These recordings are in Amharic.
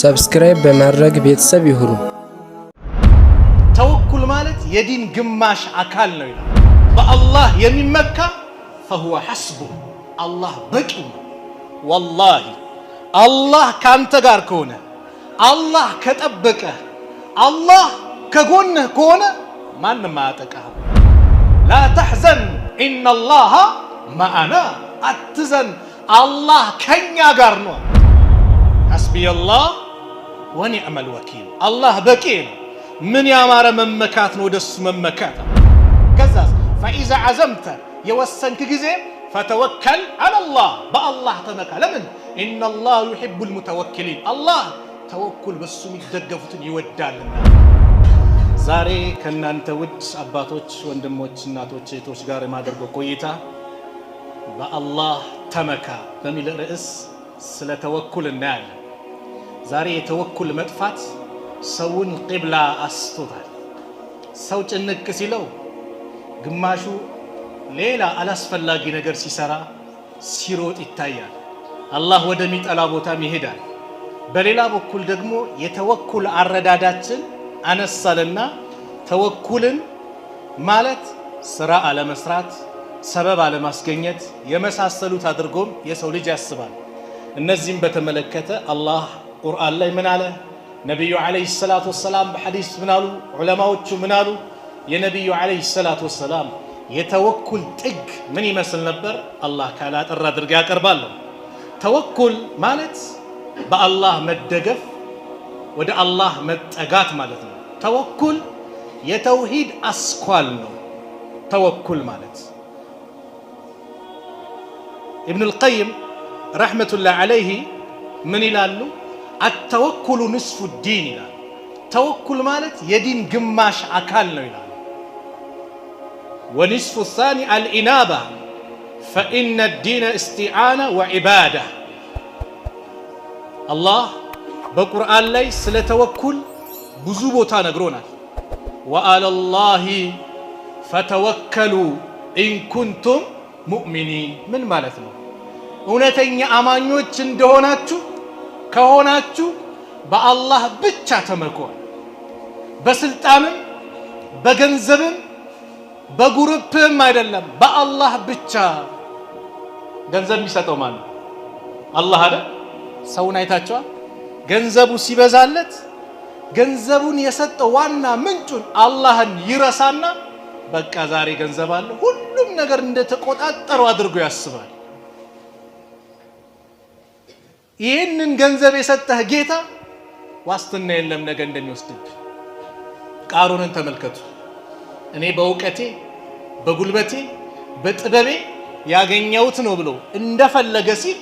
ሰብስክራይብ በማድረግ ቤተሰብ ይሁኑ። ተወኩል ማለት የዲን ግማሽ አካል ነው ይላል። በአላህ የሚመካ ፈሁወ ሐስቡ፣ አላህ በቂ ነው። ወላሂ አላህ ካንተ ጋር ከሆነ፣ አላህ ከጠበቀ፣ አላህ ከጎንህ ከሆነ ማንም አያጠቃህ። ላ ተሕዘን ኢነላሃ ማአና፣ አትዘን፣ አላህ ከኛ ጋር ነው። ሐስቢየላህ ወኒዕመል ወኪል አላህ በቂ ነው። ምን ያማረ መመካት ነው ወደሱ መመካት። ከዛ ፈኢዛ አዘምተ የወሰንክ ጊዜ ፈተወከል አለላህ በአላህ ተመካ። ለምን ኢነላህ ዩሒቡል ሙተወኪሊን አላህ ተወኩል በሱ የሚደገፉትን ይወዳልና። ዛሬ ከእናንተ ውድ አባቶች፣ ወንድሞች፣ እናቶች፣ እህቶች ጋር የማደርገው ቆይታ በአላህ ተመካ በሚል ርዕስ ስለ ተወኩል እናያለን። ዛሬ የተወኩል መጥፋት ሰውን ቂብላ አስቶታል። ሰው ጭንቅ ሲለው ግማሹ ሌላ አላስፈላጊ ነገር ሲሰራ ሲሮጥ ይታያል። አላህ ወደሚጠላ ቦታም ይሄዳል። በሌላ በኩል ደግሞ የተወኩል አረዳዳችን አነሳልና ተወኩልን ማለት ስራ አለመስራት፣ ሰበብ አለማስገኘት የመሳሰሉት አድርጎም የሰው ልጅ ያስባል። እነዚህም በተመለከተ አላህ ቁርአን ላይ ምን አለ? ነቢዩ ዓለይሂ ሰላት ወሰላም በሐዲስ ምን አሉ? ዑለማዎቹ ምን አሉ? የነቢዩ ዓለይሂ ሰላት ወሰላም የተወኩል ጥግ ምን ይመስል ነበር? አላህ ካለ አጠር አድርጌ ያቀርባለሁ። ተወኩል ማለት በአላህ መደገፍ፣ ወደ አላህ መጠጋት ማለት ነው። ተወኩል የተውሂድ አስኳል ነው። ተወኩል ማለት ኢብኑል ቀይም ረሕመቱላህ ዓለይሂ ምን ይላሉ? አተወኩሉ ንስፉ ዲን ይላል። ተወኩል ማለት የዲን ግማሽ አካል ነው ይላል። ወንስፉ ሳኒ አልኢናባ ፈኢነ ዲነ እስቲዓና ወዒባዳ። አላህ በቁርአን ላይ ስለ ተወኩል ብዙ ቦታ ነግሮናል። ወአለላሂ ፈተወከሉ ኢንኩንቱም ሙእሚኒን ምን ማለት ነው? እውነተኛ አማኞች እንደሆናችሁ ከሆናችሁ በአላህ ብቻ ተመኮን። በስልጣንም በገንዘብም በጉርፕም አይደለም፣ በአላህ ብቻ። ገንዘብ የሚሰጠው ማለት አላህ አይደል? ሰውን አይታችኋል? ገንዘቡ ሲበዛለት ገንዘቡን የሰጠው ዋና ምንጩን አላህን ይረሳና በቃ ዛሬ ገንዘብ አለ ሁሉም ነገር እንደተቆጣጠሩ አድርጎ ያስባል። ይህንን ገንዘብ የሰጠህ ጌታ ዋስትና የለም ነገ እንደሚወስድብ። ቃሩንን ተመልከቱ። እኔ በእውቀቴ በጉልበቴ በጥበቤ ያገኘሁት ነው ብሎ እንደፈለገ ሲል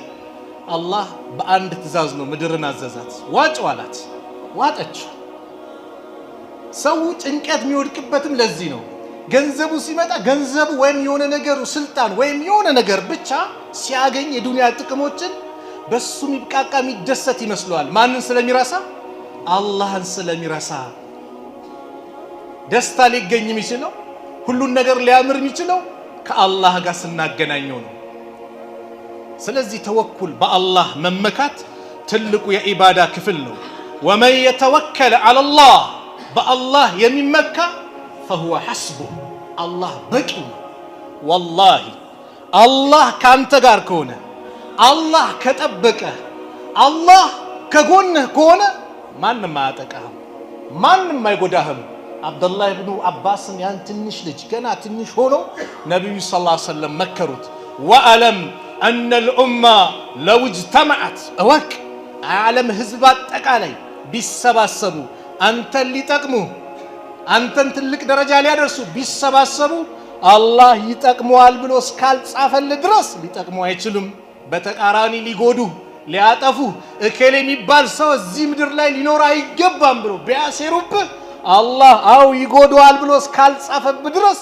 አላህ በአንድ ትእዛዝ ነው ምድርን አዘዛት። ዋጭ ዋላት፣ ዋጠች። ሰው ጭንቀት የሚወድቅበትም ለዚህ ነው። ገንዘቡ ሲመጣ ገንዘቡ ወይም የሆነ ነገሩ ስልጣን ወይም የሆነ ነገር ብቻ ሲያገኝ የዱንያ ጥቅሞችን በሱ የሚብቃቃ የሚደሰት ይመስለዋል። ማንን ስለሚረሳ? አላህን ስለሚረሳ። ደስታ ሊገኝ የሚችለው ሁሉን ነገር ሊያምር የሚችለው ከአላህ ጋር ስናገናኘው ነው። ስለዚህ ተወኩል በአላህ መመካት ትልቁ የኢባዳ ክፍል ነው። ወመን የተወከለ አለላህ በአላህ የሚመካ ፈሁወ ሐስቡ አላህ በቂ ነው። ወላሂ አላህ ከአንተ ጋር ከሆነ አላህ ከጠበቀህ፣ አላህ ከጎንህ ከሆነ ማንም አያጠቃህም፣ ማንም አይጎዳህም። አብደላህ ብኑ አባስን ያን ትንሽ ልጅ ገና ትንሽ ሆኖ ነቢዩ ሰለላሁ ዐለይሂ ወሰለም መከሩት። ወአለም አነ ልኡማ ለው እጅተመዐት እወቅ የዓለም ህዝብ አጠቃላይ ቢሰባሰቡ አንተን ሊጠቅሙ አንተን ትልቅ ደረጃ ሊያደርሱ ቢሰባሰቡ አላህ ይጠቅመዋል ብሎ እስካልጻፈል ድረስ ሊጠቅሙ አይችሉም። በተቃራኒ ሊጎዱ ሊያጠፉ እከሌ የሚባል ሰው እዚህ ምድር ላይ ሊኖር አይገባም ብሎ ቢያሴሩብህ አላህ አው ይጎዱዋል ብሎ እስካልጻፈብህ ድረስ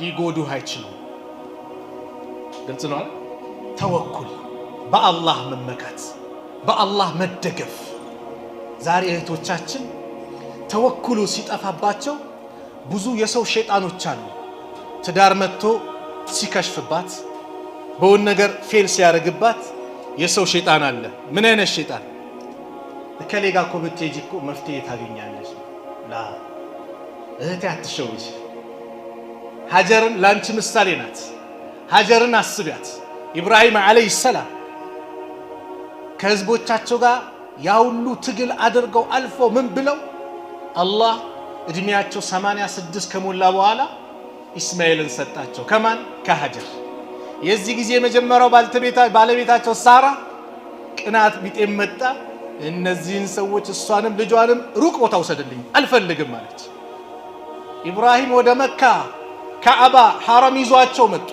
ሊጎዱህ አይችሉም። ግልጽ ነው። ተወኩል በአላህ መመካት፣ በአላህ መደገፍ። ዛሬ እህቶቻችን ተወኩሉ ሲጠፋባቸው ብዙ የሰው ሸይጣኖች አሉ። ትዳር መጥቶ ሲከሽፍባት በውን ነገር ፌል ሲያደርግባት የሰው ሸይጣን አለ። ምን አይነት ሸይጣን? እከሌ ጋር እኮ ብትሄጂ እኮ መፍትሄ ታገኛለች። ላ እህቴ አትሸውጂ። ሀጀርን ለአንቺ ምሳሌ ናት። ሀጀርን አስቢያት። ኢብራሂም ዓለይሂ ሰላም ከህዝቦቻቸው ጋር ያ ሁሉ ትግል አድርገው አልፎ ምን ብለው አላህ እድሜያቸው 86 ከሞላ በኋላ ኢስማኤልን ሰጣቸው። ከማን? ከሀጀር የዚህ ጊዜ የመጀመሪያው ባለቤታቸው ሳራ ቅናት ቢጤም መጣ። እነዚህን ሰዎች እሷንም ልጇንም ሩቅ ቦታ ውሰድልኝ አልፈልግም አለች። ኢብራሂም ወደ መካ ከአባ ሐረም ይዟቸው መጡ።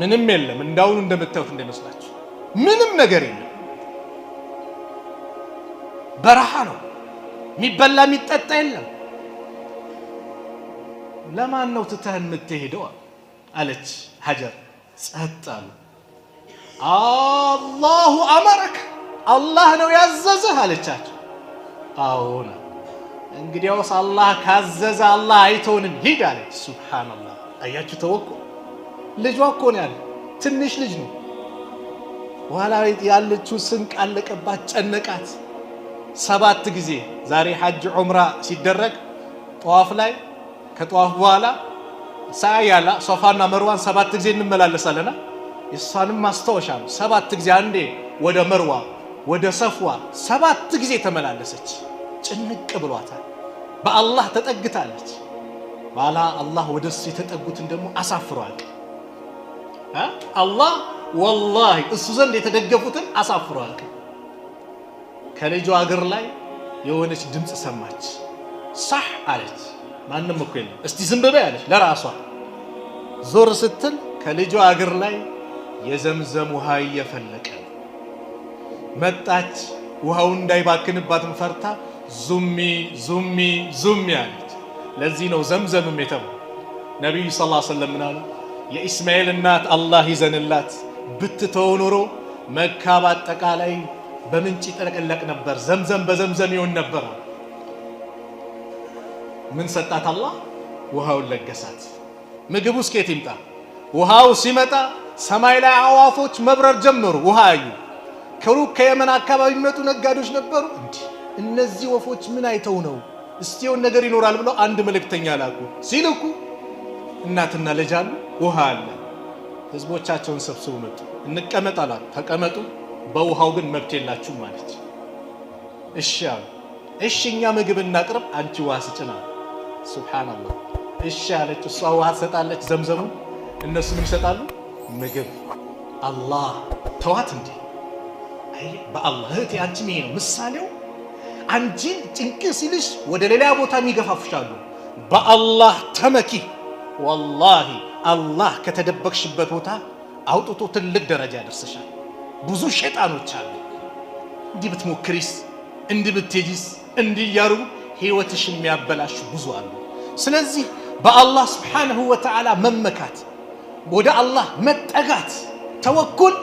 ምንም የለም እንዳሁኑ እንደምታዩት እንዳይመስላችሁ ምንም ነገር የለም። በረሃ ነው። የሚበላ የሚጠጣ የለም። ለማን ነው ትተህ የምትሄደው? አለች ሀጀር። ጸጥ አሉ። አላሁ አመረክ አላህ ነው ያዘዘህ አለቻቸው። አዎን እንግዲያውስ አላህ ካዘዘ አላህ አይተውንም ሂድ አለች። ሱብሓነላህ አያችሁ ተወኩ ልጇ እኮ ነው ያለ ትንሽ ልጅ ነው። በኋላ ያለችው ስንቅ አለቀባት፣ ጨነቃት። ሰባት ጊዜ ዛሬ ሐጅ ዑምራ ሲደረግ ጠዋፍ ላይ ከጠዋፍ በኋላ ሳያላ ሶፋና መርዋን ሰባት ጊዜ እንመላለሳለና የእሷንም ማስታወሻ ነው። ሰባት ጊዜ አንዴ ወደ መርዋ ወደ ሰፍዋ ሰባት ጊዜ ተመላለሰች። ጭንቅ ብሏታል። በአላህ ተጠግታለች። ባላ አላህ ወደ እሱ የተጠጉትን ደግሞ አሳፍሯል። አላህ ወላሂ እሱ ዘንድ የተደገፉትን አሳፍሯል። ከልጇ እግር ላይ የሆነች ድምፅ ሰማች። ሳህ አለች። ማንም እኮ የለም። እስቲ ዝም በይ አለች ለራሷ። ዞር ስትል ከልጇ እግር ላይ የዘምዘም ውሃ እየፈለቀ መጣች። ውሃው እንዳይባክንባትም ፈርታ ዙሚ ዙሚ ዙሚ አለች። ለዚህ ነው ዘምዘምም የተባለው። ነቢዩ ሰለላሁ ዐለይሂ ወሰለም ምን የኢስማኤል እናት አላህ ይዘንላት ብትተው ኖሮ መካ በአጠቃላይ በምንጭ ይጥለቀለቅ ነበር፣ ዘምዘም በዘምዘም ይሆን ነበር። ምን ሰጣት? አላህ ውሃውን ለገሳት። ምግቡ እስኬት ይምጣ። ውሃው ሲመጣ ሰማይ ላይ አዋፎች መብረር ጀመሩ። ውሃ አዩ። ከሩቅ ከየመን አካባቢ የሚመጡ ነጋዴዎች ነበሩ። እንዲህ እነዚህ ወፎች ምን አይተው ነው እስቲውን ነገር ይኖራል ብለው አንድ መልእክተኛ ላኩ። ሲልኩ እናትና ልጅ አሉ፣ ውሃ አለ። ህዝቦቻቸውን ሰብስቡ መጡ። እንቀመጥ አላት። ተቀመጡ፣ በውሃው ግን መብት የላችሁም ማለች። እሺ አሉ። እሺ እኛ ምግብ እናቅርብ፣ አንቺ ውሃ ስጭን አሉ። ሱብሓነላህ። እሺ አለች እሷ ውሃ ትሰጣለች፣ ዘምዘሙ እነሱ ምን ይሰጣሉ? ምግብ። አላህ ተዋት እንዲህ በአላህ እህቴ፣ አንቺም ይሄ ነው ምሳሌው። አንቺ ጭንቅ ሲልሽ ወደ ሌላ ቦታ የሚገፋፍሻሉ። በአላህ ተመኪ። ወላሂ አላህ ከተደበቅሽበት ቦታ አውጥቶ ትልቅ ደረጃ ያደርስሻል። ብዙ ሸይጣኖች አሉ። እንዲህ ብትሞክሪስ፣ እንዲህ ብትሄጂስ፣ እንዲህ እያሩ ህይወትሽ የሚያበላሽ ብዙ አሉ። ስለዚህ በአላህ ስብሓንሁ ወተዓላ መመካት፣ ወደ አላህ መጠጋት፣ ተወኩል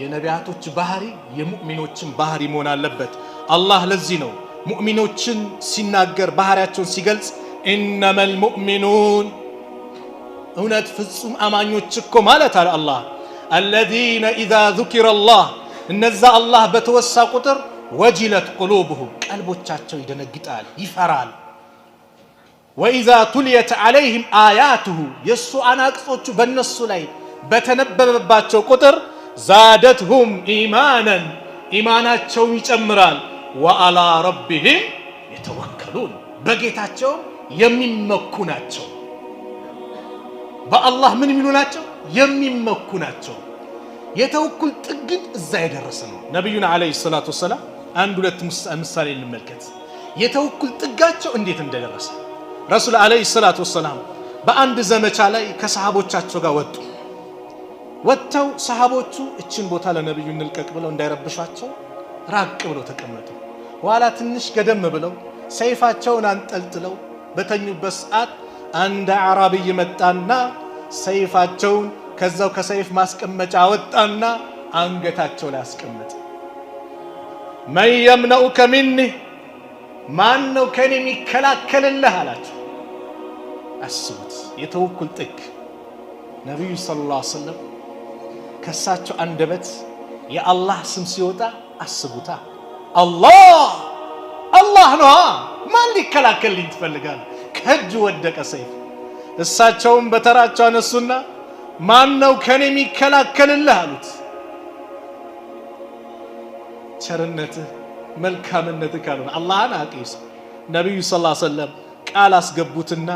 የነቢያቶች ባህሪ የሙእሚኖችን ባህሪ መሆን አለበት። አላህ ለዚህ ነው ሙእሚኖችን ሲናገር ባህሪያቸውን ሲገልጽ ኢነመል ሙእሚኑን እውነት ፍጹም አማኞች እኮ ማለት አለ አላህ አለዚነ ኢዛ ዙኪረ አላህ እነዛ አላህ በተወሳ ቁጥር ወጅለት ቁሉብሁም ቀልቦቻቸው ይደነግጣል፣ ይፈራል። ወኢዛ ቱልየት አለይህም አያትሁ የእሱ አናቅጾቹ በእነሱ ላይ በተነበበባቸው ቁጥር ዛደትሁም ኢማነን ኢማናቸውን ይጨምራል። ወአላ ረቢህም የተወከሉን በጌታቸው የሚመኩ ናቸው። በአላህ ምን የሚሉ ናቸው? የሚመኩ ናቸው። የተወኩል ጥግን እዛ የደረሰ ነው። ነቢዩን ዓለይሂ ሰላቱ ወሰላም አንድ ሁለት ምሳሌ እንመልከት። የተወኩል ጥጋቸው እንዴት እንደደረሰ ረሱል ዓለይሂ ሰላቱ ወሰላም በአንድ ዘመቻ ላይ ከሰሃቦቻቸው ጋር ወጡ። ወጥተው ሰሃቦቹ እችን ቦታ ለነቢዩ እንልቀቅ ብለው እንዳይረብሻቸው ራቅ ብለው ተቀመጡ። ኋላ ትንሽ ገደም ብለው ሰይፋቸውን አንጠልጥለው በተኙበት ሰዓት አንድ አዕራብይ መጣና ሰይፋቸውን ከዛው ከሰይፍ ማስቀመጫ ወጣና አንገታቸው ላይ አስቀመጠ። መን የምነኡከ ሚኒ ማን ነው ከእኔ የሚከላከልልህ አላቸው። አስቡት፣ የተወኩል ጥግ። ነቢዩ ሰለላሁ ዐለይሂ ወሰለም ከእሳቸው አንደበት የአላህ ስም ሲወጣ አስቡታ። አላህ አላህ ነዋ፣ ማን ሊከላከልልኝ ትፈልጋል? ከእጅ ወደቀ ሰይፍ። እሳቸውም በተራቸው አነሱና ማን ነው ከኔ የሚከላከልልህ አሉት። ቸርነትህ መልካምነትህ ካልሆነ አላህን አቂስ። ነቢዩ ሰለላሁ ዐለይሂ ወሰለም ቃል አስገቡትና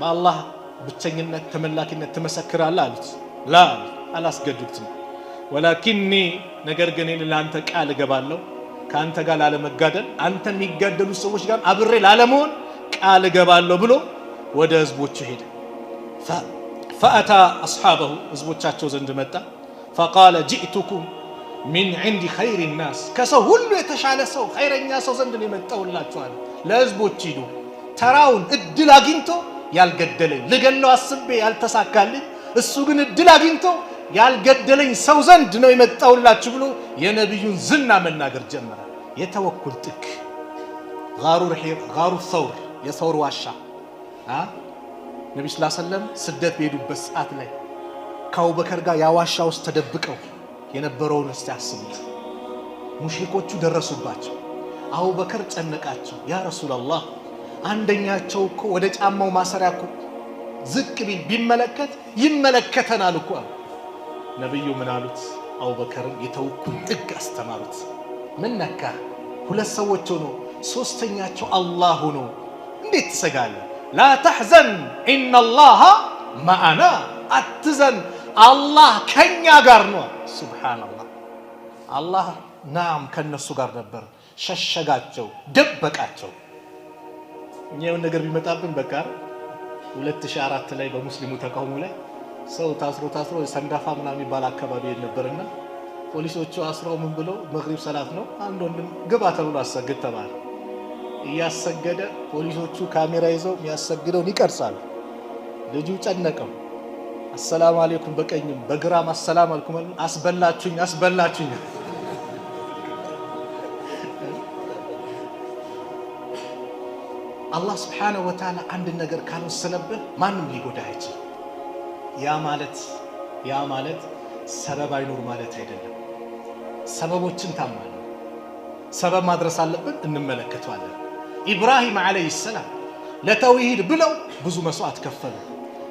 በአላህ ብቸኝነት ተመላኪነት ትመሰክራለህ አሉት። ላ አላስገድድትም፣ ወላኪኒ ነገር ግን እኔ ለአንተ ቃል እገባለሁ ከአንተ ጋር ላለመጋደል አንተ የሚጋደሉ ሰዎች ጋር አብሬ ላለመሆን ቃል እገባለሁ ብሎ ወደ ህዝቦቹ ሄደ። ፈአታ አስሓበሁ ህዝቦቻቸው ዘንድ መጣ። ፈቃለ ጅእቱኩም ሚን ዒንዲ ኸይር ናስ ከሰው ሁሉ የተሻለ ሰው ኸይረኛ ሰው ዘንድ የመጣውላችኋል። ለህዝቦች ሂዱ ተራውን እድል አግኝቶ ያልገደለኝ ልገለው አስቤ ያልተሳካልኝ እሱ ግን እድል አግኝቶ ያልገደለኝ ሰው ዘንድ ነው የመጣውላችሁ ብሎ የነቢዩን ዝና መናገር ጀመረ። የተወኩል ጥግ ጋሩ ሰውር፣ የሰውር ዋሻ ነቢ ስላ ሰለም ስደት በሄዱበት ሰዓት ላይ ከአቡበከር ጋር ያዋሻ ውስጥ ተደብቀው የነበረውን እስቲ አስቡት። ሙሽሪኮቹ ደረሱባቸው። አቡበከር ጨነቃቸው። ያ ረሱላላህ አንደኛቸው እኮ ወደ ጫማው ማሰሪያ እኮ ዝቅ ቢል ቢመለከት ይመለከተናል እኮ ነቢዩ ምን አሉት? አቡበከርን የተውኩን ጥግ አስተማሩት። ምን ነካ? ሁለት ሰዎች ሆኖ ሶስተኛቸው አላህ ሆኖ እንዴት ትሰጋለ? ላ ተሕዘን ኢነላሃ ማአና፣ አትዘን አላህ ከኛ ጋር ነው። ሱብሓነላህ አላህ ናም ከነሱ ጋር ነበር። ሸሸጋቸው፣ ደበቃቸው። እኛ የሆነ ነገር ቢመጣብን በቃ 2004 ላይ በሙስሊሙ ተቃውሞ ላይ ሰው ታስሮ ታስሮ ሰንዳፋ ምናምን የሚባል አካባቢ ነበርና ፖሊሶቹ አስረው ምን ብለው መግሪብ ሰላት ነው አንድ ወንድም ግባ ተብሎ አሰግድ ተባለ። እያሰገደ ፖሊሶቹ ካሜራ ይዘው የሚያሰግደውን ይቀርጻሉ። ልጁ ጨነቀው። አሰላም አሌይኩም በቀኝም በግራም አሰላም አልኩም አስበላችሁኝ፣ አስበላችሁኝ አላህ ስብሓነሁ ወተዓላ አንድ ነገር ካልወሰነብህ ማንም ሊጎዳ አይችልም። ያ ማለት ያ ማለት ሰበብ አይኖር ማለት አይደለም። ሰበቦችን ታማለ ሰበብ ማድረስ አለብን፣ እንመለከተዋለን። ኢብራሂም ዓለይሂ ሰላም ለተውሂድ ብለው ብዙ መስዋዕት ከፈሉ።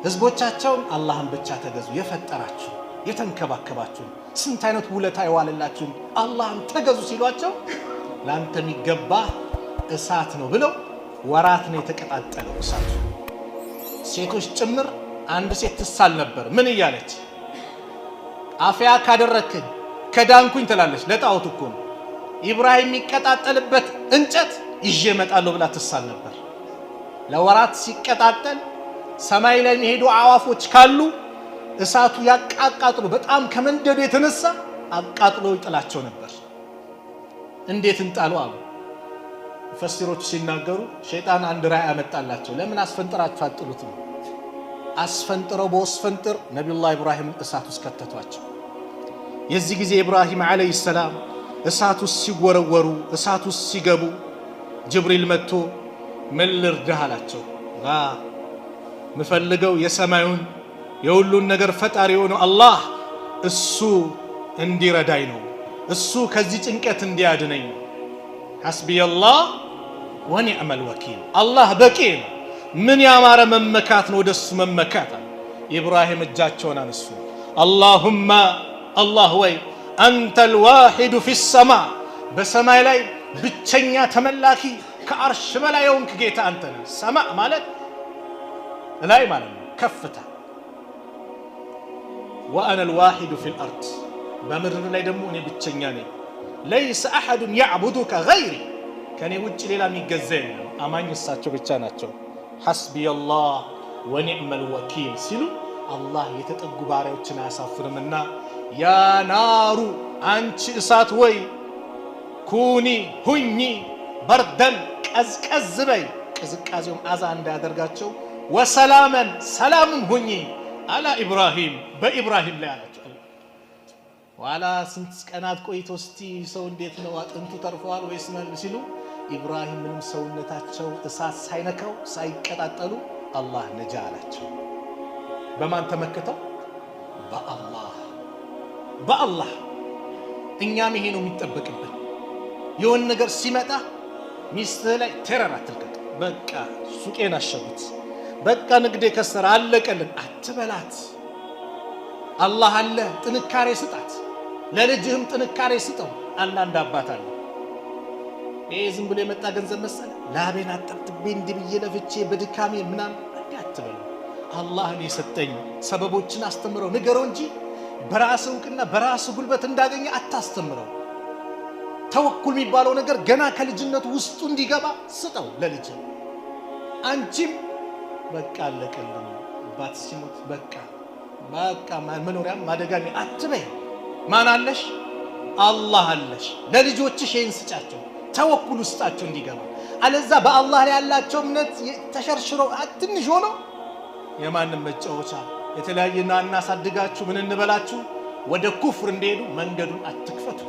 ህዝቦቻቸውን አላህን ብቻ ተገዙ። የፈጠራችሁ የተንከባከባችሁን ስንት አይነት ውለታ የዋለላችሁን አላህን ተገዙ ሲሏቸው ለአንተ የሚገባ እሳት ነው ብለው ወራት ነው የተቀጣጠለው እሳቱ። ሴቶች ጭምር አንድ ሴት ትሳል ነበር። ምን እያለች አፍያ ካደረግክኝ ከዳንኩኝ ትላለች። ለጣዖት እኮ ነው። ኢብራሂም የሚቀጣጠልበት እንጨት ይዤ እመጣለሁ ብላ ትሳል ነበር። ለወራት ሲቀጣጠል ሰማይ ላይ የሚሄዱ አዋፎች ካሉ እሳቱ ያቃቃጥሎ በጣም ከመንደዱ የተነሳ አቃጥሎ ይጥላቸው ነበር። እንዴት እንጣሉ አሉ። ፈሲሮች ሲናገሩ ሸይጣን አንድ ራእይ ያመጣላቸው ለምን አስፈንጥራችሁ አጥሉት ነው። አስፈንጥረው በወስፈንጥር ነቢዩላህ ኢብራሂም እሳት ውስጥ ከተቷቸው። የዚህ ጊዜ ኢብራሂም ዓለይሂ ሰላም እሳት ውስጥ ሲወረወሩ፣ እሳት ውስጥ ሲገቡ ጅብሪል መጥቶ ምን ልርዳህ አላቸው። ምፈልገው የሰማዩን የሁሉን ነገር ፈጣሪ የሆነው አላህ እሱ እንዲረዳኝ ነው። እሱ ከዚህ ጭንቀት እንዲያድነኝ ነው። ሐስቢየላህ ወኒዕመል ወኪል አላህ በቂ ነው። ምን ያማረ መመካት ነው ወደሱ መመካት አለ። ኢብራሂም እጃቸውን አነሱ። አላሁማ አላህ ወይ አንተ ልዋሒዱ ፊሰማ በሰማይ ላይ ብቸኛ ተመላኪ ከአርሽ በላይ የሆንክ ጌታ አንተ ነህ። ሰማ ማለት ላይ ማለት ነው ከፍታ። ወአነ ፊል ፊልአርድ በምድር ላይ ደግሞ እኔ ብቸኛ ነኝ። ለይሰ አሐዱን ያዕቡዱከ ገይሪ ከኔ ውጭ ሌላ የሚገዛ የለም፣ አማኝ እሳቸው ብቻ ናቸው። ሐስቢየላህ ወኒዕመል ወኪል ሲሉ አላህ የተጠጉ ባሪያዎችን አያሳፍርምና ያ ናሩ አንቺ እሳት ወይ ኩኒ ሁኚ በርደን ቀዝቀዝ በይ ቅዝቃዜውም አዛ እንዳያደርጋቸው ወሰላመን ሰላምም ሁኚ አላ ኢብራሂም በኢብራሂም ላይ አለ ኋላ ስንት ቀናት ቆይቶ እስቲ ሰው እንዴት ነው አጥንቱ ተርፈዋል ወይስ ሲሉ ኢብራሂምንም ሰውነታቸው እሳት ሳይነካው ሳይቀጣጠሉ አላህ ነጃ አላቸው። በማን ተመክተው? በአላህ በአላህ። እኛም ይሄ ነው የሚጠበቅብን። የሆን ነገር ሲመጣ ሚስትህ ላይ ቴረር አትልቀቅ። በቃ ሱቄን አሸጉት፣ በቃ ንግዴ ከሰረ አለቀልን አትበላት። አላህ አለ ጥንካሬ ስጣት። ለልጅህም ጥንካሬ ስጠው። አንዳንድ አባት አለ ይህ ዝም ብሎ የመጣ ገንዘብ መሰለ ላቤን አጠርጥቤ እንዲህ ብዬ ለፍቼ በድካሜ ምናምን እንዲህ አትበሉ። አላህን የሰጠኝ ሰበቦችን አስተምረው ንገረው እንጂ በራስ እውቅና በራስ ጉልበት እንዳገኘ አታስተምረው። ተወኩል የሚባለው ነገር ገና ከልጅነቱ ውስጡ እንዲገባ ስጠው ለልጅ። አንቺም በቃ አለቀልኝ አባት ሲሞት በቃ በቃ መኖሪያም ማደጋሚ አትበይ። ማን አለሽ? አላህ አለሽ። ለልጆችሽ ይህን ስጫቸው፣ ተወኩል ውስጣቸው እንዲገባ። አለዛ በአላህ ላይ ያላቸው እምነት ተሸርሽሮ ትንሽ ሆኖ የማንም መጫወቻ የተለያየና እናሳድጋችሁ ምን እንበላችሁ ወደ ኩፍር እንደሄዱ መንገዱን አትክፈቱ።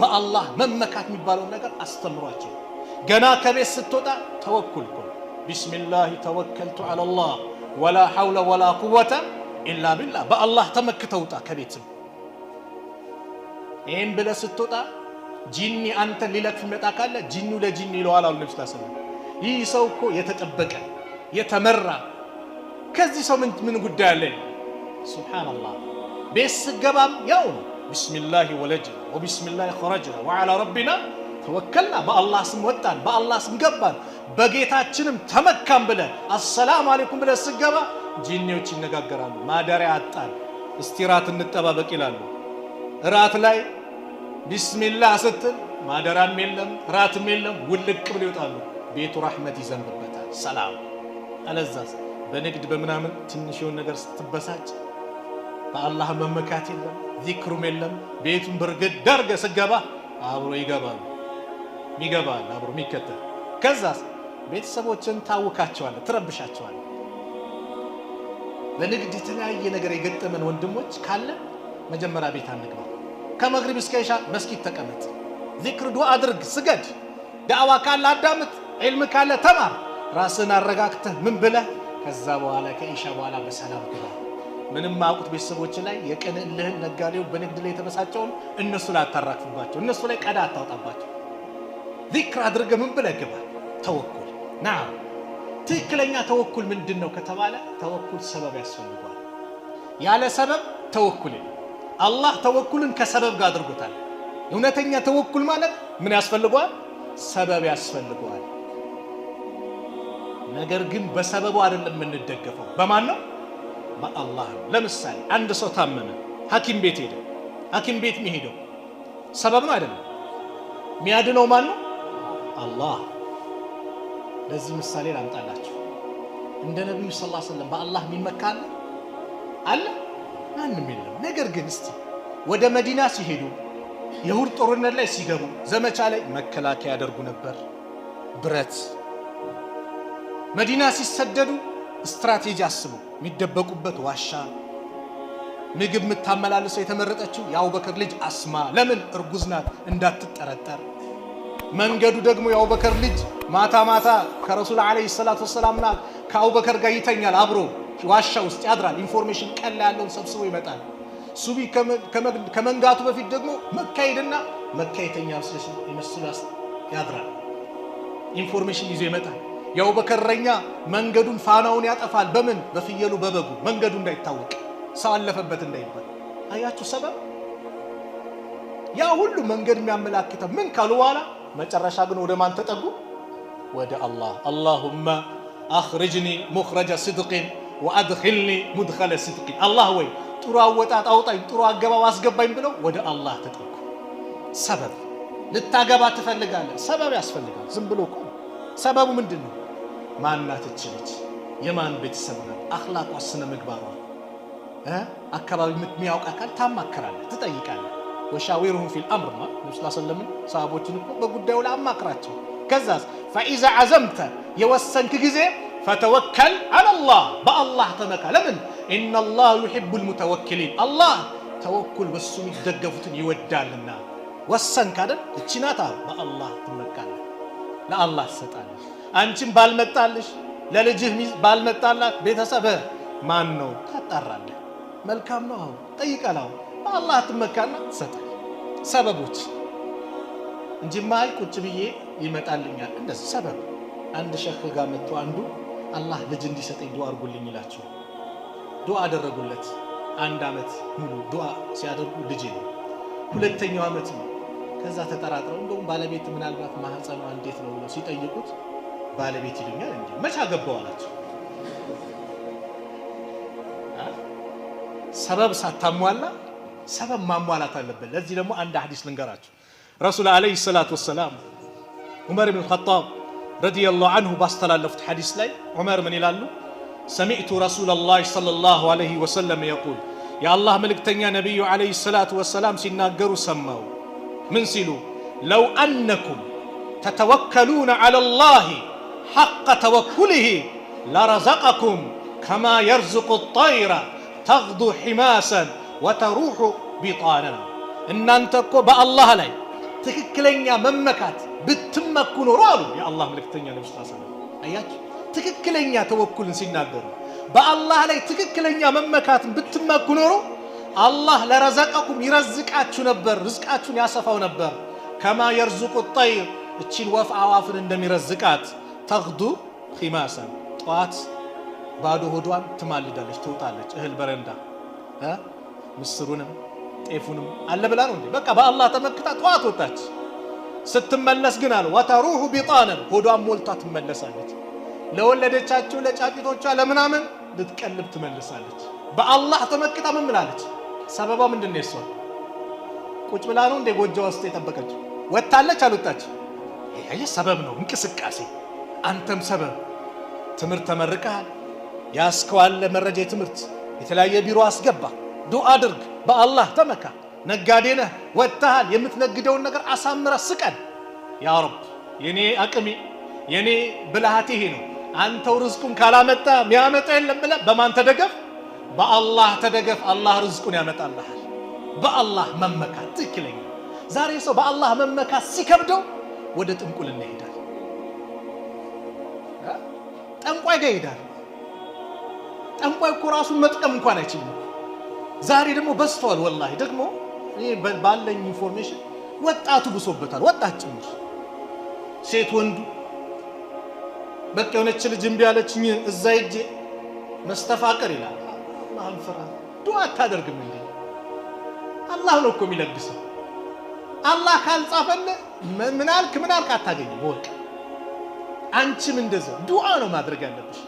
በአላህ መመካት የሚባለውን ነገር አስተምሯቸው። ገና ከቤት ስትወጣ ተወኩል ኩን ቢስሚላህ ተወከልቱ አለላህ ወላ ሐውለ ወላ ቁወተ ኢላ ቢላህ። በአላህ ተመክተውጣ ከቤትም ይህን ብለህ ስትወጣ ጂኒ አንተን ሊለክፍ መጣ ካለ ለጂኒ ይለዋል አሉ ነብስ ታሰለ ይህ ሰው እኮ የተጠበቀ የተመራ ከዚህ ሰው ምን ጉዳይ አለ ሱብሓነላህ ቤት ስገባም ያው ቢስሚላህ ወለጅና ወቢስሚላህ ኸረጅና ወዓላ ረቢና ተወከልና በአላህ ስም ወጣን በአላህ ስም ገባን በጌታችንም ተመካም ብለን አሰላም አለይኩም ብለን ስገባ ጂኒዎች ይነጋገራሉ ማደሪያ አጣን እስቲራት እንጠባበቅ ይላሉ እራት ላይ ቢስሚላ ስትል ማደራም የለም እራትም የለም። ውልቅ ብለው ይወጣሉ። ቤቱ ራህመት ይዘንብበታል። ሰላም አለዛዝ በንግድ በምናምን ትንሽ ነገር ስትበሳጭ በአላህ መመካት የለም ዚክሩም የለም። ቤቱን ብርግድ ደርገ ስገባ አብሮ ይገባል ይገባል አብሮ የሚከተል ከዛስ ቤተሰቦችን ታውካቸዋለ፣ ትረብሻቸዋለ። በንግድ የተለያየ ነገር የገጠመን ወንድሞች ካለ መጀመሪያ ቤት አንግባ። ከመግሪብ እስከ ኢሻ መስጊድ ተቀመጥ፣ ዚክር ዱ አድርግ፣ ስገድ፣ ዳዕዋ ካለ አዳምጥ፣ ዒልም ካለ ተማር፣ ራስን አረጋግተህ ምን ብለህ ከዛ በኋላ ከኢሻ በኋላ በሰላም ግባ። ምንም አውቁት ቤተሰቦች ላይ የቅን እልህን ነጋዴው በንግድ ላይ የተበሳጨውን እነሱ ላይ አታራክፍባቸው፣ እነሱ ላይ ቀዳ አታውጣባቸው። ዚክር አድርገ ምን ብለህ ግባ። ተወኩል ና ትክክለኛ ተወኩል ምንድን ነው ከተባለ ተወኩል ሰበብ ያስፈልገዋል። ያለ ሰበብ ተወኩል አላህ ተወኩልን ከሰበብ ጋር አድርጎታል። እውነተኛ ተወኩል ማለት ምን ያስፈልገዋል? ሰበብ ያስፈልገዋል። ነገር ግን በሰበቡ አይደለም የምንደገፈው። በማን ነው? በአላህ ነው። ለምሳሌ አንድ ሰው ታመመ፣ ሐኪም ቤት ሄደ። ሐኪም ቤት የሚሄደው ሰበብ ነው አይደለም? የሚያድነው ማን ነው? አላህ። ለዚህ ምሳሌ ላምጣላችሁ። እንደ ነቢዩ ሰለላሁ ዐለይሂ ወሰለም በአላህ የሚመካ አለ አለ ማንም የለም። ነገር ግን እስቲ ወደ መዲና ሲሄዱ የሁድ ጦርነት ላይ ሲገቡ ዘመቻ ላይ መከላከያ ያደርጉ ነበር፣ ብረት። መዲና ሲሰደዱ ስትራቴጂ አስቡ። የሚደበቁበት ዋሻ፣ ምግብ የምታመላልሰው የተመረጠችው የአቡበከር ልጅ አስማ። ለምን? እርጉዝ ናት እንዳትጠረጠር። መንገዱ ደግሞ የአቡበከር ልጅ ማታ ማታ ከረሱል ዓለይሂ ሰላቱ ወሰላምና ከአቡበከር ጋር ይተኛል አብሮ ዋሻ ውስጥ ያድራል። ኢንፎርሜሽን ቀላ ያለውን ሰብስቦ ይመጣል። ሱቢ ከመንጋቱ በፊት ደግሞ መካሄድና መካሄተኛ መስላስ ያድራል። ኢንፎርሜሽን ይዞ ይመጣል። ያው በከረኛ መንገዱን ፋናውን ያጠፋል። በምን በፍየሉ በበጉ መንገዱ እንዳይታወቅ ሰው አለፈበት እንዳይባል። አያችሁ ሰበብ ያ ሁሉ መንገድ የሚያመላክተው ምን ካሉ በኋላ መጨረሻ ግን ወደ ማን ተጠጉ? ወደ አላህ አላሁመ አኽርጅኒ ሙኽረጀ ስድቅን ወአድኪልኒ ሙድኸለ ስድቂ አላህ ወይ ጥሩ አወጣት አውጣኝ፣ ጥሩ አገባብ አስገባኝ ብለው ወደ አላህ ተጠጉ። ሰበብ ልታገባ ትፈልጋለህ፣ ሰበብ ያስፈልጋል። ዝም ብሎ እኮ ሰበቡ ምንድን ነው? ማናት እችልች የማን ቤተሰብ ናት? አኽላቋ፣ ስነ ምግባሯ፣ አካባቢ የሚያውቅ አካል ታማክራለህ፣ ትጠይቃለህ። ወሻዊርሁም ፊል አምር ማ ነብስ ሰለምን ሰሃቦችን እኮ በጉዳዩ ላይ አማክራቸው። ከዛስ ፈኢዛ አዘምተ የወሰንክ ጊዜ ፈተወከል አለላህ በአላህ ተመካ። ለምን ኢነላህ ዩሒቡል ሙተወኪሊን አላህ ተወኩል በሱ የሚደገፉትን ይወዳልና። ወሰንክ አይደል? እቺ ናታ በአላህ ትመካለህ፣ ለአላህ ትሰጣለህ። አንቺም ባልመጣልሽ ለልጅህ ባልመጣላት ቤተሰብህ ማን ነው ታጣራለህ። መልካም ነው። አሁን ጠይቀላው በአላህ ትመካና ትሰጣል። ሰበቦች እንጂማ አይ ቁጭ ብዬ ይመጣልኛል። እንደዚህ ሰበብ አንድ ሸህ ጋር መጥቶ አንዱ አላህ ልጅ እንዲሰጠኝ ዱዓ አድርጉልኝ ይላቸው። ዱዓ አደረጉለት። አንድ አመት ሙሉ ዱዓ ሲያደርጉ ልጅ ነው። ሁለተኛው አመት ነው። ከዛ ተጠራጥረው እንደውም ባለቤት ምናልባት ማህፀኗ እንዴት ነው ብለው ሲጠይቁት ባለቤት ይሉኛል እንዲ መቼ አገባው አላቸው። ሰበብ ሳታሟላ ሰበብ ማሟላት አለበት። ለዚህ ደግሞ አንድ ሀዲስ ልንገራቸው። ረሱል ዓለይሂ ሰላቱ ወሰላም ዑመር ብን ኸጣብ ረዲየላሁ አንሁ ባስተላለፉት ሐዲስ ላይ ዑመር ምን ይላሉ? ሰሚዕቱ ረሱለላህ ሰለላሁ አለይህ ወሰለም የቁል የአላህ መልእክተኛ ነቢዩ ዐለይሂ ሰላቱ ወሰላም ሲናገሩ ሰማው። ምን ሲሉ? ለው አነኩም ተተወከሉነ ዓለላህ ሐቀ ተወኩሊሂ ለረዘቀኩም ከማ የርዝቁ ጠይራ ተግዱ ሒማሰን ወተሩሑ ቢጣነን እናንተ እኮ በአላህ ላይ ትክክለኛ መመካት ብትመኩ ኖሮ አሉ የአላህ መልእክተኛ ነብዩ ሰለላሁ ዐለይሂ ወሰለም። አያችሁ ትክክለኛ ተወኩልን ሲናገሩ በአላህ ላይ ትክክለኛ መመካትን ብትመኩ ኖሮ አላህ ለረዘቀኩም ይረዝቃችሁ ነበር፣ ርዝቃችሁን ያሰፋው ነበር። ከማ የርዝቁ ጠይር እቺን ወፍ አዋፍን እንደሚረዝቃት ተግዱ ኺማሰን ጠዋት ባዶ ሆዷን ትማልዳለች፣ ትውጣለች እህል በረንዳ ምስሩንም ጤፉንም አለ ብላ ነው እንዴ? በቃ በአላህ ተመክታ ጠዋት ወጣች። ስትመለስ ግን አለ ወተሩሁ ቢጣነን ሆዷን ሞልታ ትመለሳለች። ለወለደቻቸው ለጫጩቶቿ ለምናምን ልትቀልብ ትመልሳለች። በአላህ ተመቅጣ ምን ብላለች? ሰበቧ ምንድን ነው? የሷ ቁጭ ብላ ነው እንደ ጎጆ ውስጥ የጠበቀችው። ወጥታለች አልወጣች? ይሄ ሰበብ ነው እንቅስቃሴ። አንተም ሰበብ ትምህርት ተመርቀሃል፣ ያስከዋለ መረጃ የትምህርት የተለያየ ቢሮ አስገባ፣ ዱዓ አድርግ፣ በአላህ ተመካ ነጋዴ ነህ፣ ወጥተሃል። የምትነግደውን ነገር አሳምረ ስቀን። ያ ረብ የኔ አቅሜ የኔ ብልሃቴ ይሄ ነው። አንተው ርዝቁን ካላመጣ የሚያመጣ የለም ብለህ በማን ተደገፍ? በአላህ ተደገፍ። አላህ ርዝቁን ያመጣልሃል። በአላህ መመካት ትክክለኛ። ዛሬ ሰው በአላህ መመካት ሲከብደው ወደ ጥንቁልና ይሄዳል። ጠንቋይ ጋር ይሄዳል። ጠንቋይ እኮ ራሱን መጥቀም እንኳን አይችልም። ዛሬ ደግሞ በዝቷል። ወላሂ ደግሞ ይሄ ባለኝ ኢንፎርሜሽን ወጣቱ ብሶበታል። ወጣት ጭምር ሴት ወንዱ በቃ የሆነች ልጅ እምቢ አለችኝ፣ እዛ ሂጅ መስተፋቀር ይላል። አላህን ፍራ። ዱዓ አታደርግም እንዴ? አላህ ነው እኮ የሚለግሰው። አላህ ካልጻፈልህ ምን አልክ ምን አልክ አታገኝም። ወቅ አንቺም እንደዛ ዱዓ ነው ማድረግ ያለብሽ።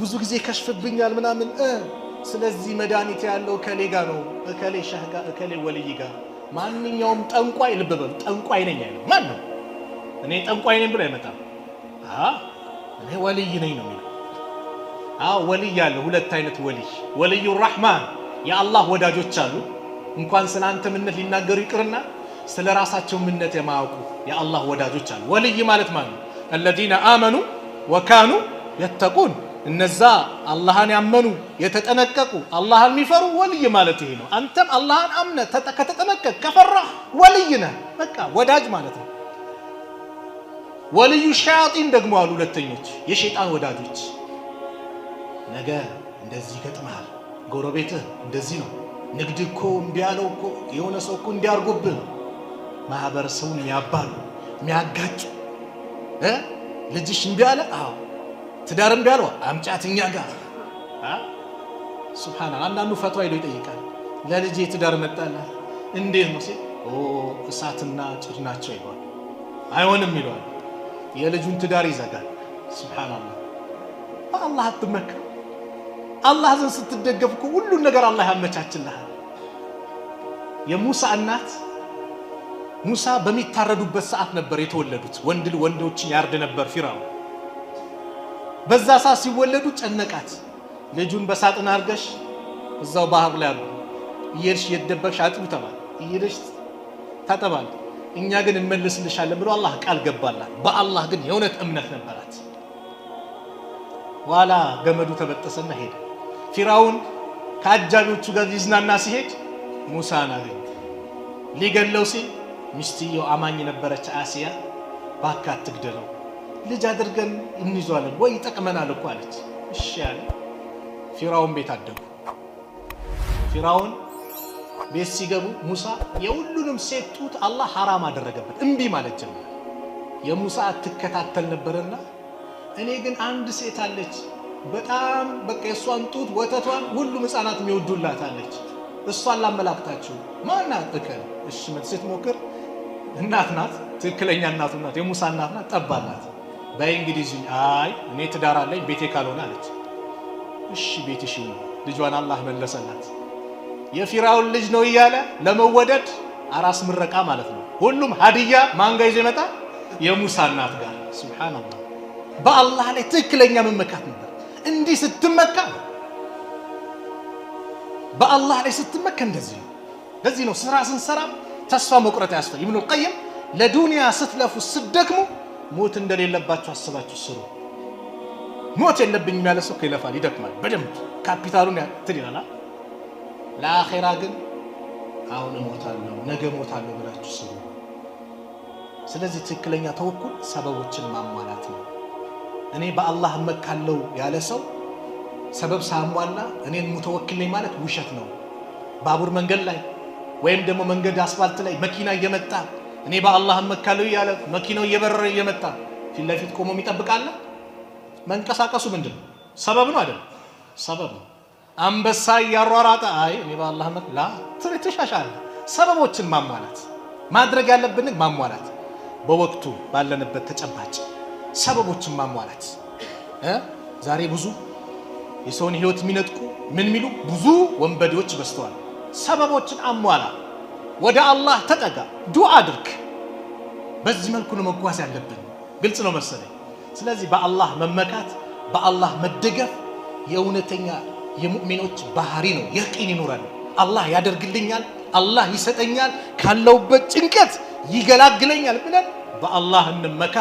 ብዙ ጊዜ ከሽፍብኛል ምናምን ስለዚህ መድኃኒት ያለው እከሌ ጋ ነው፣ እከሌ ሸህ ጋ፣ እከሌ ወልይ ጋ። ማንኛውም ጠንቋይ ልብ በሉ፣ ጠንቋይ ነኝ ያለው ማን ነው? እኔ ጠንቋይ ነኝ ብሎ አይመጣም። እኔ ወልይ ነኝ ነው የሚለው። ወልይ አለ፣ ሁለት አይነት ወልይ። ወልዩ ራህማን የአላህ ወዳጆች አሉ፣ እንኳን ስለ አንተ ምነት ሊናገሩ ይቅርና ስለ ራሳቸው ምነት የማያውቁ የአላህ ወዳጆች አሉ። ወልይ ማለት ማን ነው? አለዚነ አመኑ ወካኑ የተቁን እነዛ አላህን ያመኑ የተጠነቀቁ አላህን የሚፈሩ ወልይ ማለት ይሄ ነው። አንተም አላህን አምነ ከተጠነቀቅ ከፈራህ ወልይ ነህ፣ በቃ ወዳጅ ማለት ነው። ወልዩ ሸያጢን ደግሞ አሉ ሁለተኞች፣ የሸይጣን ወዳጆች። ነገ እንደዚህ ይገጥመሃል፣ ጎረቤትህ እንደዚህ ነው፣ ንግድ እኮ እንዲያለው እኮ የሆነ ሰው እኮ እንዲያርጉብህ ነው፣ ማህበረሰቡን የሚያባሉ የሚያጋጩ ልጅሽ እንዲያለ አዎ ትዳር ቢያለው አለው አምጫት እኛ ጋር ሱብሃና አንዳንዱ ፈቷ ሄዶ ይጠይቃል። ለልጄ ትዳር መጣለ እንዴት ነው ሲል እሳትና ጭድ ናቸው ይለዋል። አይሆንም ይለዋል። የልጁን ትዳር ይዘጋል። ሱብሃናላ በአላህ አትመካ። አላህ ዘንድ ስትደገፍ እኮ ሁሉን ነገር አላህ ያመቻችልሃል። የሙሳ እናት ሙሳ በሚታረዱበት ሰዓት ነበር የተወለዱት። ወንድ ወንዶችን ያርድ ነበር ፊራውን በዛ ሰዓት ሲወለዱ ጨነቃት። ልጁን በሳጥን አድርገሽ እዛው ባህር ላይ አሉ እየሄድሽ እየደበቅሽ አጥቢው ተባለ። እየሄደሽ ታጠባለ። እኛ ግን እንመልስልሻለን ብሎ አላህ ቃል ገባላት። በአላህ ግን የእውነት እምነት ነበራት። ኋላ ገመዱ ተበጠሰና ሄደ። ፊራውን ከአጃቢዎቹ ጋር ይዝናና ሲሄድ ሙሳን አገኘ። ሊገለው ሲል ሚስትየው አማኝ ነበረች አሲያ፣ ባካት ትግደለው። ልጅ አድርገን እንይዟለን ወይ ይጠቅመናል እኮ አለች። እሺ ያለ ፊራውን ቤት አደጉ። ፊራውን ቤት ሲገቡ ሙሳ የሁሉንም ሴት ጡት አላህ ሐራም አደረገበት፣ እምቢ ማለት ጀመረ። የሙሳ አትከታተል ነበርና እኔ ግን አንድ ሴት አለች በጣም በቃ የእሷን ጡት ወተቷን ሁሉም ህፃናት የሚወዱላት አለች። እሷን ላመላክታችሁ ማና እከል እሺ ስትሞክር እናት ናት፣ ትክክለኛ እናቱ ናት፣ የሙሳ እናት ናት፣ ጠባላት በእንግሊዝኛ አይ እኔ ትዳር አለኝ ቤቴ ካልሆነ አለች። እሺ ቤትሽ ልጇን አላህ መለሰላት። የፊራውን ልጅ ነው እያለ ለመወደድ አራስ ምረቃ ማለት ነው። ሁሉም ሀዲያ ማንጋ ይዞ ይመጣ የሙሳ እናት ጋር ሱብሃንአላህ። በአላህ ላይ ትክክለኛ መመካት ነበር። እንዲህ ስትመካ በአላህ ላይ ስትመካ እንደዚህ ነው። ለዚህ ነው ስራ ስንሰራ ተስፋ መቁረጥ ያስፈልግ። ኢብኑል ቀይም ለዱንያ ስትለፉ ስትደክሙ ሞት እንደሌለባችሁ አስባችሁ ስሩ። ሞት የለብኝም ያለ ሰው ይለፋል፣ ይደክማል፣ በደንብ ካፒታሉን ትል ይላል። ለአኼራ ግን አሁን እሞታለሁ፣ ነገ እሞታለሁ ብላችሁ ስሩ። ስለዚህ ትክክለኛ ተወኩል ሰበቦችን ማሟላት ነው። እኔ በአላህ እመካለሁ ያለ ሰው ሰበብ ሳሟላ እኔን ሙተወኪል ነኝ ማለት ውሸት ነው። ባቡር መንገድ ላይ ወይም ደግሞ መንገድ አስፋልት ላይ መኪና እየመጣ እኔ በአላህ መካለው እያለ መኪናው እየበረረ እየመጣ ፊት ለፊት ቆሞ ይጠብቃል። መንቀሳቀሱ ምንድን ነው? ሰበብ ነው አይደል? ሰበብ ነው። አንበሳ እያሯራጠ አይ እኔ በአላህ መላ ትሻሻለ። ሰበቦችን ማሟላት ማድረግ ያለብን ማሟላት፣ በወቅቱ ባለንበት ተጨባጭ ሰበቦችን ማሟላት። ዛሬ ብዙ የሰውን ህይወት የሚነጥቁ ምን የሚሉ ብዙ ወንበዴዎች በስተዋል። ሰበቦችን አሟላ ወደ አላህ ተጠጋ፣ ዱዓ አድርግ። በዚህ መልኩ ነው መጓዝ ያለብን። ግልጽ ነው መሰለኝ። ስለዚህ በአላህ መመካት፣ በአላህ መደገፍ የእውነተኛ የሙእሚኖች ባህሪ ነው። የቂን ይኑረን። አላህ ያደርግልኛል፣ አላህ ይሰጠኛል፣ ካለውበት ጭንቀት ይገላግለኛል ብለን በአላህ እንመካ።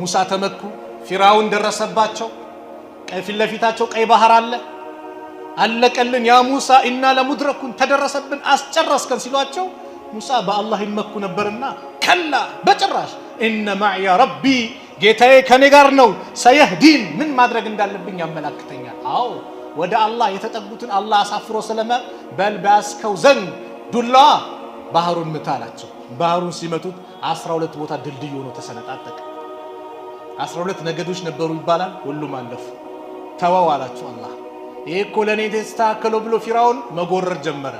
ሙሳ ተመኩ፣ ፊራውን ደረሰባቸው። ቀይ ፊት ለፊታቸው ቀይ ባህር አለ። አለቀልን ያ ሙሳ ኢና ለሙድረኩን ተደረሰብን አስጨረስከን ሲሏቸው ሙሳ በአላህ ይመኩ ነበርና ከላ በጭራሽ እነ ማዕያ ረቢ ጌታዬ ከኔ ጋር ነው ሰየህዲን ምን ማድረግ እንዳለብኝ ያመላክተኛል አዎ ወደ አላህ የተጠጉትን አላህ አሳፍሮ ስለመ በል በያዝከው ዘንድ ዱላዋ ባህሩን ምታ አላቸው ባህሩን ሲመቱት አስራ ሁለት ቦታ ድልድይ ሆኖ ተሰነጣጠቀ አስራ ሁለት ነገዶች ነበሩ ይባላል ሁሉም አለፉ ተወው አላቸው አላህ ይህ እኮ ለእኔ የተስተካከለው ብሎ ፊራውን መጎረር ጀመረ፣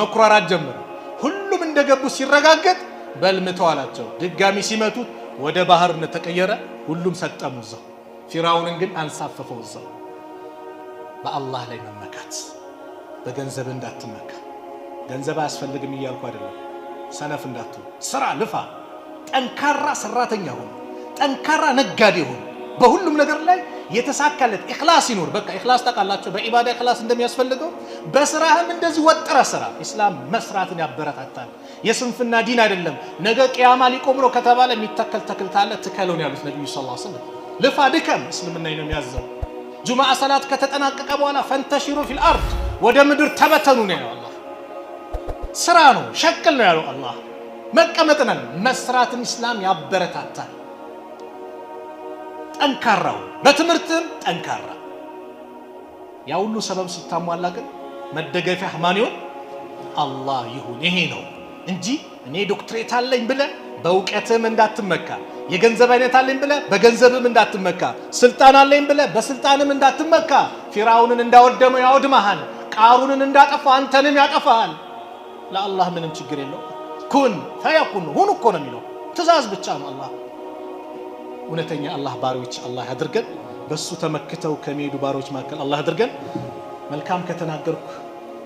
መኩራራት ጀመረ። ሁሉም እንደገቡ ሲረጋገጥ በልምተው አላቸው። ድጋሚ ሲመቱት ወደ ባህር ተቀየረ ሁሉም ሰጠሙ እዛው። ፊራውንን ግን አንሳፈፈው እዛው። በአላህ ላይ መመካት በገንዘብ እንዳትመካ። ገንዘብ አያስፈልግም እያልኩ አይደለም። ሰነፍ እንዳትሆን ስራ ልፋ፣ ጠንካራ ሰራተኛ ሆነ፣ ጠንካራ ነጋዴ ሆነ። በሁሉም ነገር ላይ የተሳካለት ኢኽላስ ይኑር። በቃ ኢኽላስ ታውቃላችሁ፣ በኢባዳ ኢኽላስ እንደሚያስፈልገው በስራህም እንደዚህ ወጥረ ስራ። ኢስላም መስራትን ያበረታታል። የስንፍና ዲን አይደለም። ነገ ቅያማ ሊቆም ነው ከተባለ የሚተከል ተክል ካለ ትከለውን ያሉት ነቢዩ ሰለላሁ ዐለይሂ ወሰለም። ልፋ፣ ድከም እስልምና ነው የሚያዘው። ጁማዓ ሰላት ከተጠናቀቀ በኋላ ፈንተሽሩ ፊል አርድ፣ ወደ ምድር ተበተኑ ነው ያለው አላህ። ስራ ነው ሸቅል ነው ያለው አላህ። መቀመጥነን መስራትን ኢስላም ያበረታታል። ጠንካራው፣ በትምህርትም ጠንካራ። ያ ሁሉ ሰበብ ስታሟላ ግን መደገፊያ ማን ይሆን? አላህ ይሁን። ይሄ ነው እንጂ እኔ ዶክትሬት አለኝ ብለ በእውቀትም እንዳትመካ፣ የገንዘብ አይነት አለኝ ብለ በገንዘብም እንዳትመካ፣ ስልጣን አለኝ ብለ በስልጣንም እንዳትመካ። ፊራውንን እንዳወደመው ያወድመሃል፣ ቃሩንን እንዳጠፋ አንተንም ያጠፋሃል። ለአላህ ምንም ችግር የለው። ኩን ፈየኩን ሁን እኮ ነው የሚለው ትእዛዝ ብቻ ነው አላህ እውነተኛ አላህ ባሪዎች አላህ አድርገን። በሱ ተመክተው ከሚሄዱ ባሪዎች መካከል አላህ አድርገን። መልካም ከተናገርኩ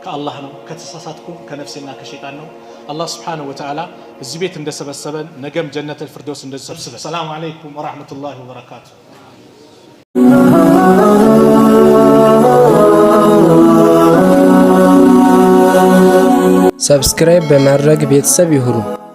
ከአላህ ነው፣ ከተሳሳትኩ ከነፍሴና ከሸይጣን ነው። አላህ ስብሓነሁ ወተዓላ እዚህ ቤት እንደሰበሰበን ነገም ጀነት ፊርደውስ እንደሰብስበን። ሰላሙ አለይኩም ወራህመቱላሂ ወበረካቱ። ሰብስክራይብ በማድረግ ቤተሰብ ይሁኑ።